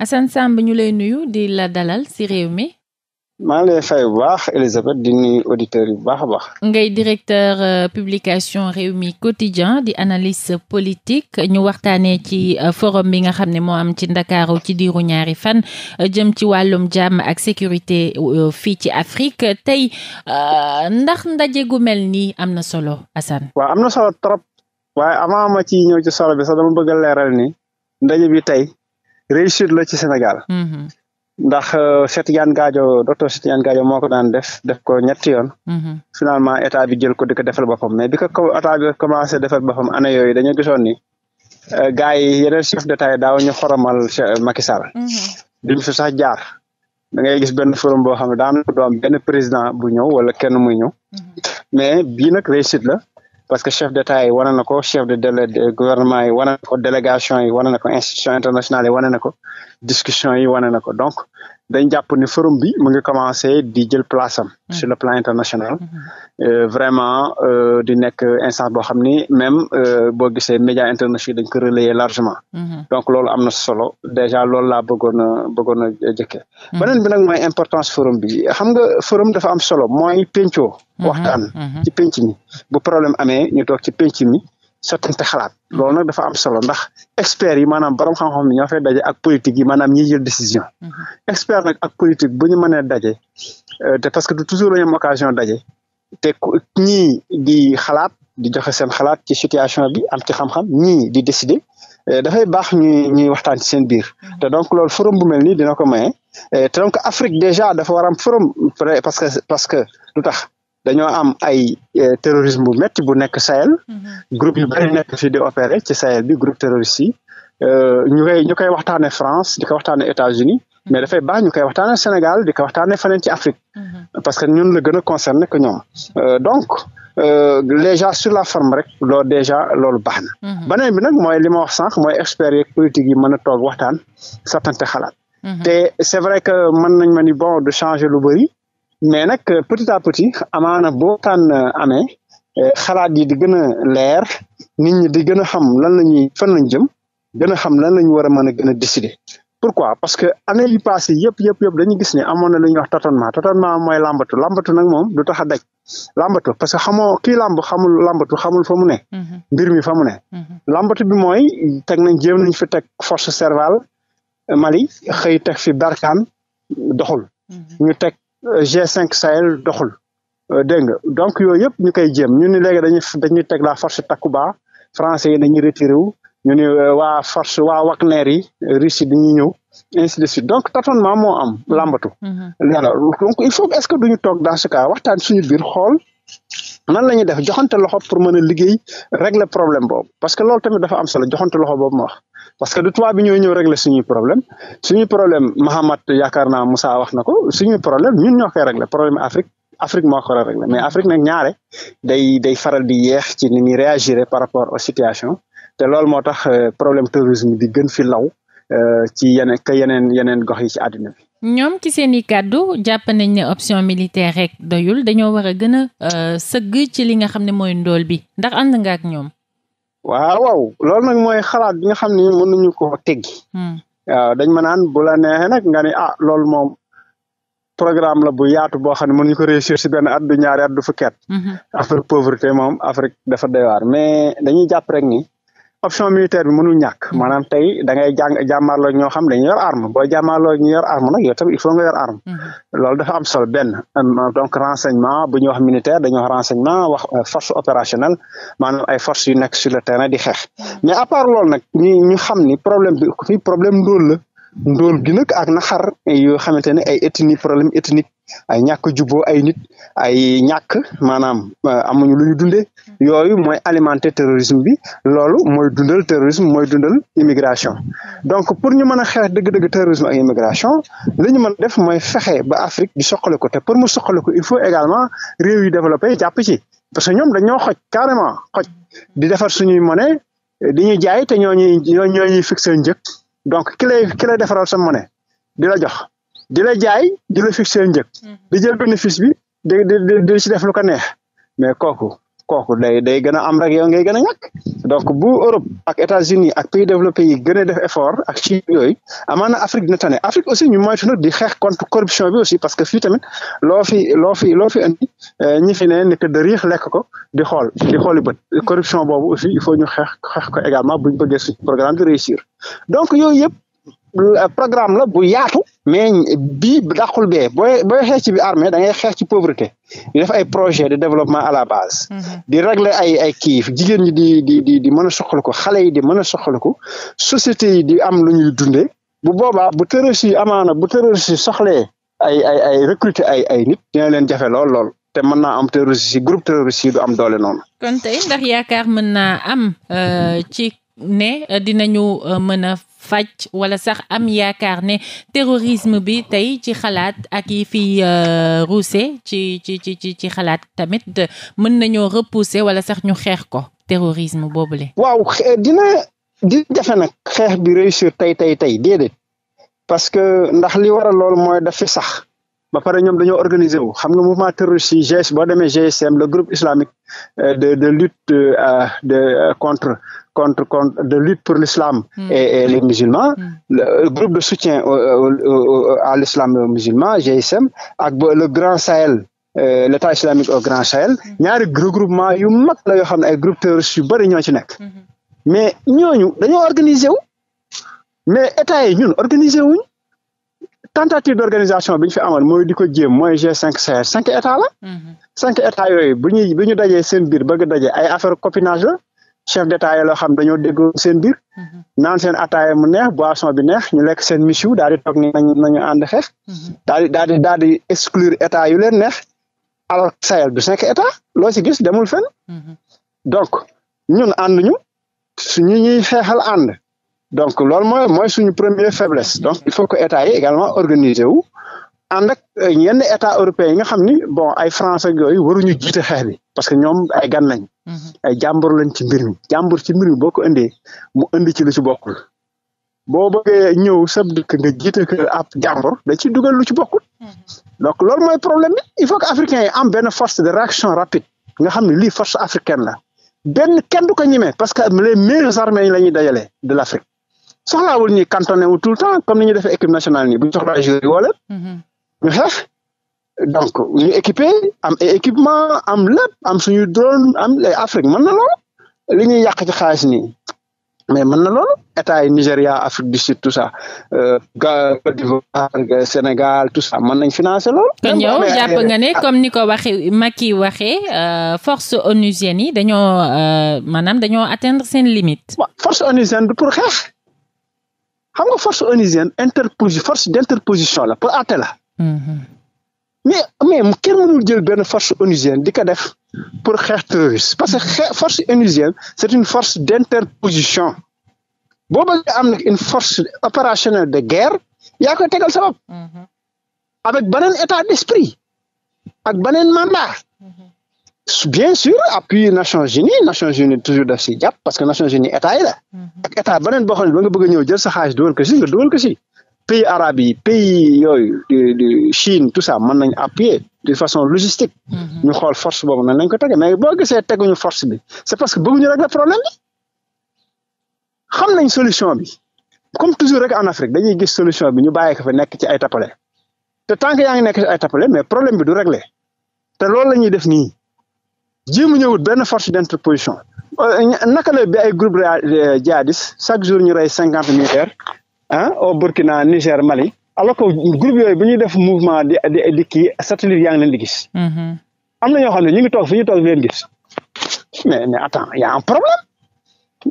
Assane Samb ñu lay nuyu di la dalal ci réew mi. maa lay fay bu baax Elisabeth di nuyu auditeurs yu baax a baax. ngay directeur euh, publication réew mi quotidien di analyse politique ñu waxtaanee ci euh, forum bi nga xam ne moo am ci ndakaaru ci diiru ñaari fan euh, jëm ci wàllum jàmm ak sécurité fii ci Afrique tey ndax ndaje gu mel nii am na solo assan waaw am na solo trop waaye avant ma ci ñëw ci solo bi sax dama bëgg leeral ni ndaje bi tey. réussite la ci Sénégal. Mm-hmm. ndax Cheikh Tidiane Gadio docteur Cheikh Tidiane Gadio moo ko daan def def ko ñetti yoon. Mm-hmm. finalement état bi jël ko di ko defal boppam mais bi ko état bi commencé defal boppam année yooyu dañoo gisoon ni euh, gars yi yeneen chef d'état yi daaw ñu xoromal euh, Macky Sall. Mm-hmm. fi sax jaar da ngay gis benn forum boo xam ne daanaka doom président bu ñëw wala kenn muy mais bii nag la. parce que chef d'état yi wane na ko chef de gouvernement yi wane na ko délégation yi wane na ko institution internationale yi wane na ko discussion yi wane na ko donc dañ jàpp ne forum bi mu ngi commencé di jël place am mm. sur le plan international mm-hmm. euh, vraiment euh, di nekk instance boo xam ni même euh, boo gisee médias internationaux dañ ko relayer largement mm-hmm. donc lool am na solo déjà loolu la bëggoon a bëggoon a jëkkee mm-hmm. bi nag mooy importance forum bi xam nga forum dafa am solo mooy péncoo waxtaan ci pénc mi bu problème amee ñu toog ci pénc mi sottante xalaat loolu nag dafa am solo ndax experts yi maanaam borom xam-xam ni ñoo fay daje ak politique yi maanaam ñiy jël décision mhm. expert nag ak politique ñu mënee daje euh, te di xalaat di joxe seen xalaat ci situation bi am ci xam-xam ñi di décider euh, dafay baax ñuy ñuy waxtaan ci seen biir mhm. te donc loolu forum bu mel nii dina ko maye euh, te donc Afrique déjà dafa war am forum parce que parce tax dañoo am ay eh, terrorisme bu métti bu nekk Sahel mm-hmm. groupe yu bari nekk fii di opéré ci Sahel bi groupe terroriste yi euh, ñu koy ñu koy waxtaane France di ko waxtaane États-Unis mm-hmm. mais dafay baax ñu koy waxtaane Sénégal di ko waxtaane feneen ci Afrique mm-hmm. parce que ñun la a concerné que ñoom euh, donc euh, déjà sur la forme rek loolu déjà lool baax na beneen bi nag mooy li ma wax sànq mooy experts yeeg politique yi mën a toog waxtaan sattante xalaat te c'est vrai que mën nañ ma bon de changer lu bëri mais nag euh, petit à petit amaana boo tànn euh, amee euh, xalaat yi di gën a leer nit ñi di gën a xam lan la ñuy fan lañ jëm gën a xam lan la ñu war a mën a gën a décider. pourquoi parce que année yi passé yëpp yëpp yëpp dañuy gis ne amoon na lu ñuy wax tâtonnement tâtonnement mooy làmbatu lambatu nag moom du tax a daj làmbatu parce que xamoo kii làmb xamul làmbatu xamul fa mu ne. Mm-hmm. mbir mi fa mu ne. Mm-hmm. làmbatu bi mooy teg nañ jéem nañ fi teg force cérébrale Mali xëy teg fi Barkhane doxul. Mm-hmm. ñu teg G5 Sahel doxul euh, dégg nga donc yooyu yëpp ñu koy jéem ñu ni léegi dañuy dañuy teg la force Takuba français yi dañuy retiré wu ñu ni euh, waa force waa Wagner yi euh, Russie dañuy ñëw ainsi de suite donc tâtonnement moo am làmbatu. alors mm-hmm. donc il faut est-ce que duñu toog dans ce cas waxtaan suñu biir xool. nan la ñuy def joxante loxo pour mën a liggéey régler problème boobu parce que loolu tamit dafa am solo joxante loxo boobu wax parce que du tubaab bi ñoo ñëw régler suñuy problème suñuy problème Mahamat yaakaar naa Moussa wax na ko suñu problème ñun ñoo koy régler problème Afrique Afrique moo ko régler mais Afrique nag ñaare day day faral di yeex ci ni ñuy réagir par rapport au situations te loolu moo tax euh, problème terrorisme di gën fi law euh, ci yeneen yeneen yeneen gox yi ci àddina bi. ñoom ci seen i kàddu jàpp nañ ne option militaire rek doyul dañoo war a gën euh, sëgg ci li nga xam ne mooy ndool bi ndax ànd nga ak ñoom. waaw waaw loolu nag mooy xalaat bi nga xam ne mën nañu ko teg hmm. waaw dañ ma naan bu la neexee nga ni ah loolu moom programme la bu yaatu boo xam ne mën ñu ko réussir si benn at du ñaari du fukki at. Hmm. affaire pauvreté moom Afrique dafa doy mais dañuy jàpp rek ni option militaire bi mënul ñàkk hmm. maanaam tey da ngay jàng jàmmaarloo ñoo xam dañu yor arme boo jàmmaarloo ñu yor arme nag yow tamit il faut nga yor arme hmm. loolu dafa am solo benn euh, donc renseignement bu ñu wax militaire dañu wax renseignement euh, force opérationnelle maanaam ay force yu nekk sur le terrain di xeex hmm. mais à part loolu nag ñu xam ni problème bi fii problème ndóol la ndóol gi nag ak naxar yoo xamante ne ay ethnie problème ethnique ay ñàkk jubo ay nit ay ñàkk maanaam euh, amuñu lu ñu dundee yooyu mooy alimenter terrorisme bi loolu mooy dundal terrorisme mooy dundal immigration donc pour ñu mën a xeex dëgg-dëgg terrorisme ak immigration li ñu mën def mooy fexe ba Afrique di soqale ko te pour mu soqale ko il faut également réew yu développé jàpp ci parce que ñoom dañoo xoj carrément xoj di defar suñuy mone di ñu jaay te ñoo ñuy ñoo ñuy fixé njëg donc kile lay ki lay defaral sa monnaie di la jox. di la jaay di la fixer njëg mm-hmm. di jël bénéfice bi di di di ci def lu ko neex mais kooku kooku day day gën a am rek yow ngay gën a ñàkk donc bu Europe ak États-Unis ak pays développés yi gën a def effort ak ci yooyu amaana Afrique dina tane Afrique aussi ñu moytu nag di xeex contre corruption bi aussi parce que fii tamit loo fi loo fi loo fi andi euh, ñi fi ne nekk de riix lekk ko di xool di xooli bët corruption boobu aussi il faut ñu xeex xeex ko également buñ bëggee suñu programme di réussir donc yooyu yëpp euh, programme la bu yaatu mais bi dàqul bee booy booy xeex ci bi armée da ngay xeex ci pauvreté di def ay projet de développement à la base mm-hmm. di régler ay ay jigéen ñi di di di di mën a soxaliku xale yi di mën a soxaliku société yi di am lu ñuy dundee bu boobaa bu terroriste yi amaana bu terroriste yi soxlee ay ay ay recruter ay ay nit dina leen jafe lool lool te mën naa am terroriste yi groupe terroriste yi du am doole noonu kon tey ndax yaakaar mën naa am euh, ci ne dinañu euh, mën a faj wala sax am yaakaar ne terrorisme bi tey ci xalaat ak yi fiy euh, ruuse ci ci ci ci ci xalaat tamit mën nañoo repousser wala sax ñu xeex ko terrorisme boobule. waaw dina di jafe nag xeex bi réussir tey tey tey parce que ndax li waral lool mooy daf fi sax. ba pare ñoom dañoo organiser wu xam nga mouvement terroriste yi GS boo demee GSM le groupe islamique euh, de de lutte euh, de euh, contre contre contre de lutte pour l'islam hmm. et, et les hmm. le groupe de soutien au, au, au, à GSM ak le Grand Sahel Euh, l'État islamique au Grand Sahel hmm. ñaari mm -hmm. yu mag la yoo xam ne ay groupe yu bëri ñoo ci nekk mais ñooñu dañoo organiser mais état yi ñun organiser tentative d' organisation fi amoon mooy di ko jéem mooy G5 Sahel cinq états la. Mhm. cinq états yooyu bu ñuy bu ñu dajee seen biir bëgg daje ay affaire copinage la chef d' état yi loo xam dañoo déggoo seen biir. Mhm. naan seen ataaya mu neex boisson bi neex ñu lekk seen michu daal di toog ni nañu nañu ànd xeex. Mhm. daal di daal di daal di exclure état yu leen neex alors Sahel du cinq états loo si gis demul fenn. donc ñun ànd ñu su ñuy xeexal ànd. donc loolu mooy mooy suñu première faiblesse donc il faut que état yi également organiser wu ànd ak euh, yenn état européen yi nga xam ni bon ay français yooyu waruñu jiite xeex bi parce que ñoom ay gan lañ. Mhm. ay jàmbur lañ ci mbir mi jàmbur ci mbir mi boo ko indee mu indi ci lu ci bokkul boo bëggee ñëw sab dëkk nga jiite ko ab da ci dugal lu ci bokkul mhm. donc loolu mooy problème bi il faut que africains yi am benn force de réaction rapide nga xam ne lii force africaine la benn kenn du ko ñemee parce que les meilleures armées yi la ñuy dajalee de l'Afrique soxlaawul ñuy cantonné wu tout le temps comme ni ñu équipe nationale nii bu ñu soxlaa joueurs yi mhm. xeex donc ñu équipé am équipement am lépp am suñu drone am ay Afrique mën na loolu li ñuy yàq ci xaalis nii mais mën na loolu état yi Nigéria Afrique du Sud tout ça euh, Côte d'Ivoire Sénégal tout ça mën nañ financer loolu. kon yow jàpp nga ne comme ni ko waxee Macky waxee euh, force onusienne yi dañoo euh, maanaam dañoo atteindre seen limite. force onusienne pour xeex. xam nga force onusienne interposi force d' interposition la pour àtte mm-hmm. mais mais kenn mënul jël benn force onusienne di ko def pour xeex terroriste parce que force onusienne c' est une force d' interposition boo bëggee am nag une force opérationnelle de guerre yaa koy tegal sabab mm-hmm. avec beneen état d' esprit ak beneen mandat bien sûr appui Nations Unies Nations Unies toujours def si jàpp parce que Nations Unies état yi la. Mm-hmm. ak état beneen boo xam ne ba nga bëgg a ñëw jël sa xaalis si nga dugal si. pays arabes yi pays yooyu de Chine tout ça mën nañ appuyer di façon logistique. Mm-hmm. ñu xool force boobu nan nañ ko tege mais boo gisee teguñu force bi c'est parce que bëgguñu régler problème bi xam nañ solution bi comme toujours rek en Afrique dañuy gis solution bi ñu bàyyi ko fa nekk ci ay tapale te tant que yaa nekk ci ay tapale mais problème bi du régler te loolu la ñuy def nii. jéem ñëwut benn force d'interposition euh, naka la bi ay groupe euh, jihadiste chaque jour ñu rey cinquante militaires ah au Burkina Niger Mali alors que groupe yooyu bu ñuy def mouvement di di di kii satellite yaa mm-hmm. am na ñoo xam ne ñu ngi toog fi ñu toog di leen gis mais mais attends y a problème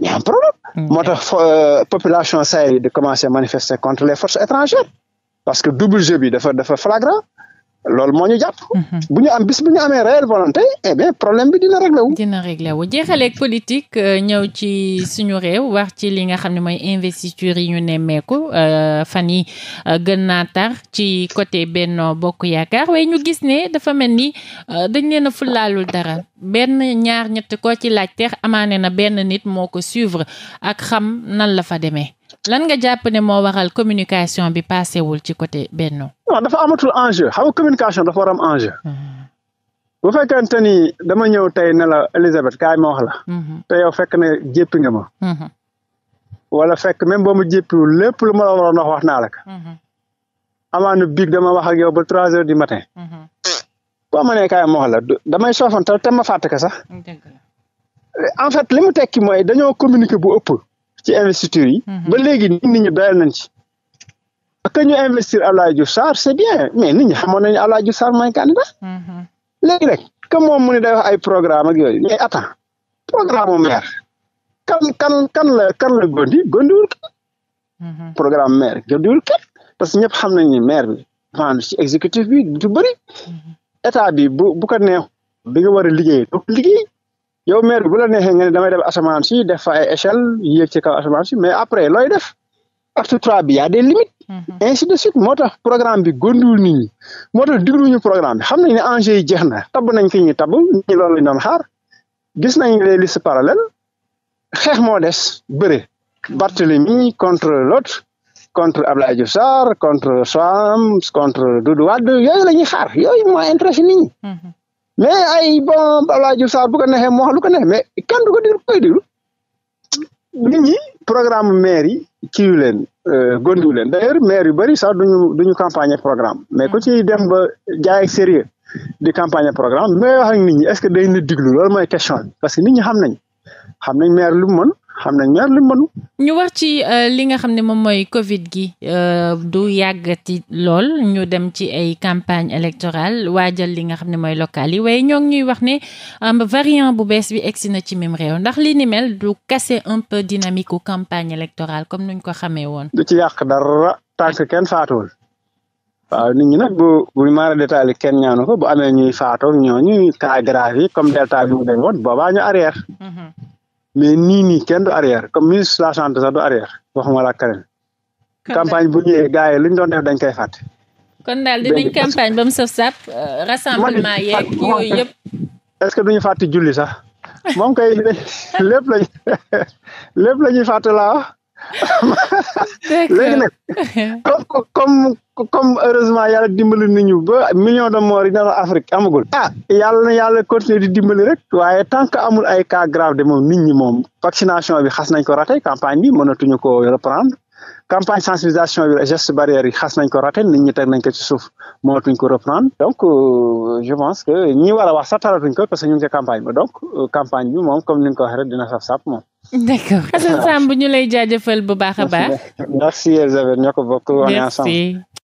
y a problème. Mm-hmm. moo ta euh, population Sahel yi di commencer manifester contre les forces étrangères parce que double jeu bi dafa dafa flagrant. loolu moo ñu jàpp. Mhm. bu ñu am bis bu ñu amee réelle volonté eh problème bi dina réglé wu. dina réglé wu jeexaleeg politique euh, ñëw ci suñu réew wax ci li nga xam ne mooy investiture yi ñu nemmeeku euh, fan yi euh, gën naa tar ci côté benn Bokk Yaakaar waaye ñu gis ne dafa mel ni dañ leen a fulaalul dara benn ñaar ñett koo ci laajteex amaane na benn nit moo ko suivre ak xam nan la fa demee. lan nga jàpp ne moo waral communication bi paasewul ci côté Benno. non dafa amatul enjeu xam nga communication dafa war am enjeu. Mhm. bu fekkente ni dama ñëw tey ne la Elisabeth kaay ma wax la. Mhm. te yow fekk na jéppi nga ma. Mhm. wala fekk même boo ma jéppiwul lépp lu ma la waroon wax a naa la ko. dama wax ak yow trois heures du matin. boo ma nee kaay ma wax la damay soofantal te ma fàtte ko sax. en fait li mu tekki mooy dañoo communiquer bu ëpp. ci investiture yi. Mhm. ba léegi nit ñi doyal nañ ci. que ñu investir Abdoulaye Diouf Sarr c' est bien mais nit ñi xamoon nañu Abdoulaye Diouf Sarr mhm. léegi rek que moom mu ne day ay programme ak yooyu mais attends programme maire kan kan kan la kan gondi gondiwul kenn. Mhm. programme maire gondiwul kenn parce que ñëpp xam nañ ni maire bi maanaam ci exécutif bi du bëri état bi bu bu neex bi nga war liggéey donc liggéey. yow maire bu la neexee nga ne damay dem asamaan si def fa ay échelle yéeg ci kaw asamaan si mais après looy def acte trois bi y a des limites. Mhm. ainsi de suite moo tax programme bi gonduwul nit ñi moo tax digluñu programme bi xam nañ ne enjeu yi jeex na tabb nañ fi ñuy tabb nit ñi loolu lañ doon xaar gis nañ les listes parallèles xeex moo des bëre Barthélemy contre l'autre contre Abdoulaye Diouf Sarr contre Soham contre Doudou Wade yooyu la ñuy xaar yooyu moo intéressé nit ñi. Mhm. mais ay bon Abdoulaye Diouf Sarr bu ko neexee mu wax lu ko neex mais kan du ko déglu koy déglu nit ñi programme maire yi kiiwu leen euh, gondiwu yu bëri sax duñu duñu campagne programme mais ku ci dem ba jaay ak sérieux di campagne programme bi may wax ak nit est-ce que day na diglu loolu mooy question bi parce que nit ñi xam nañ xam nañ maire lu mu xam nañ ñaar li mën ñu wax ci euh, li nga xam ne moom mooy Covid gi euh, du yàggati lool ñu dem ci ay campagne électorale waajal li nga xam ne mooy local yi waaye ñoo ngi ñuy wax ne variant bu bees bi egsi na ci même réew ndax li ni mel du casser un peu dynamique u campagne électorale comme nuñ ko xamee woon. du ci yàq dara tànk kenn faatuwul waaw nit ñi nag bu bu maara détaillé kenn ñaanu ko bu amee ñuy faatoo ñooñu cas grave yi comme delta bi mu ñu arrière. Mm-hmm. mais nii nii kenn du arrière comme ministre de la santé sax du arrière waxuma la keneen. campagne bu ñëwee gars yi lu doon def dañ koy fàtte. kon daal dinañ campagne ba mu saf saf. Euh, rassemblement yeeg yooyu est ce que duñu fàtte julli sax moom kay lépp lañ lépp la ñuy fàtte laa léegi nag comme comme comme heureusement yàlla dimbali nañu ba million de morts yi na Afrique amagul ah yàlla na yàlla continuer di dimbali rek waaye tant que amul ay cas grave de moom nit ñi moom vaccination bi xas nañ ko raté campagne bi mënatuñu ko reprendre campagne sensibilisation bi geste yi xas nañ ko raté nit ñi teg ko ci suuf mootuñ ko reprendre donc euh, je pense que ñi war a wax sax taratuñ ko ñu ngi ca campagne donc euh, campagne bi moom comme ni ko waxee dina saf sap moom. d'accord Assane Samb ñu lay jaajëfal bu baax a baax. merci Elisabeth ñoo ko bokk.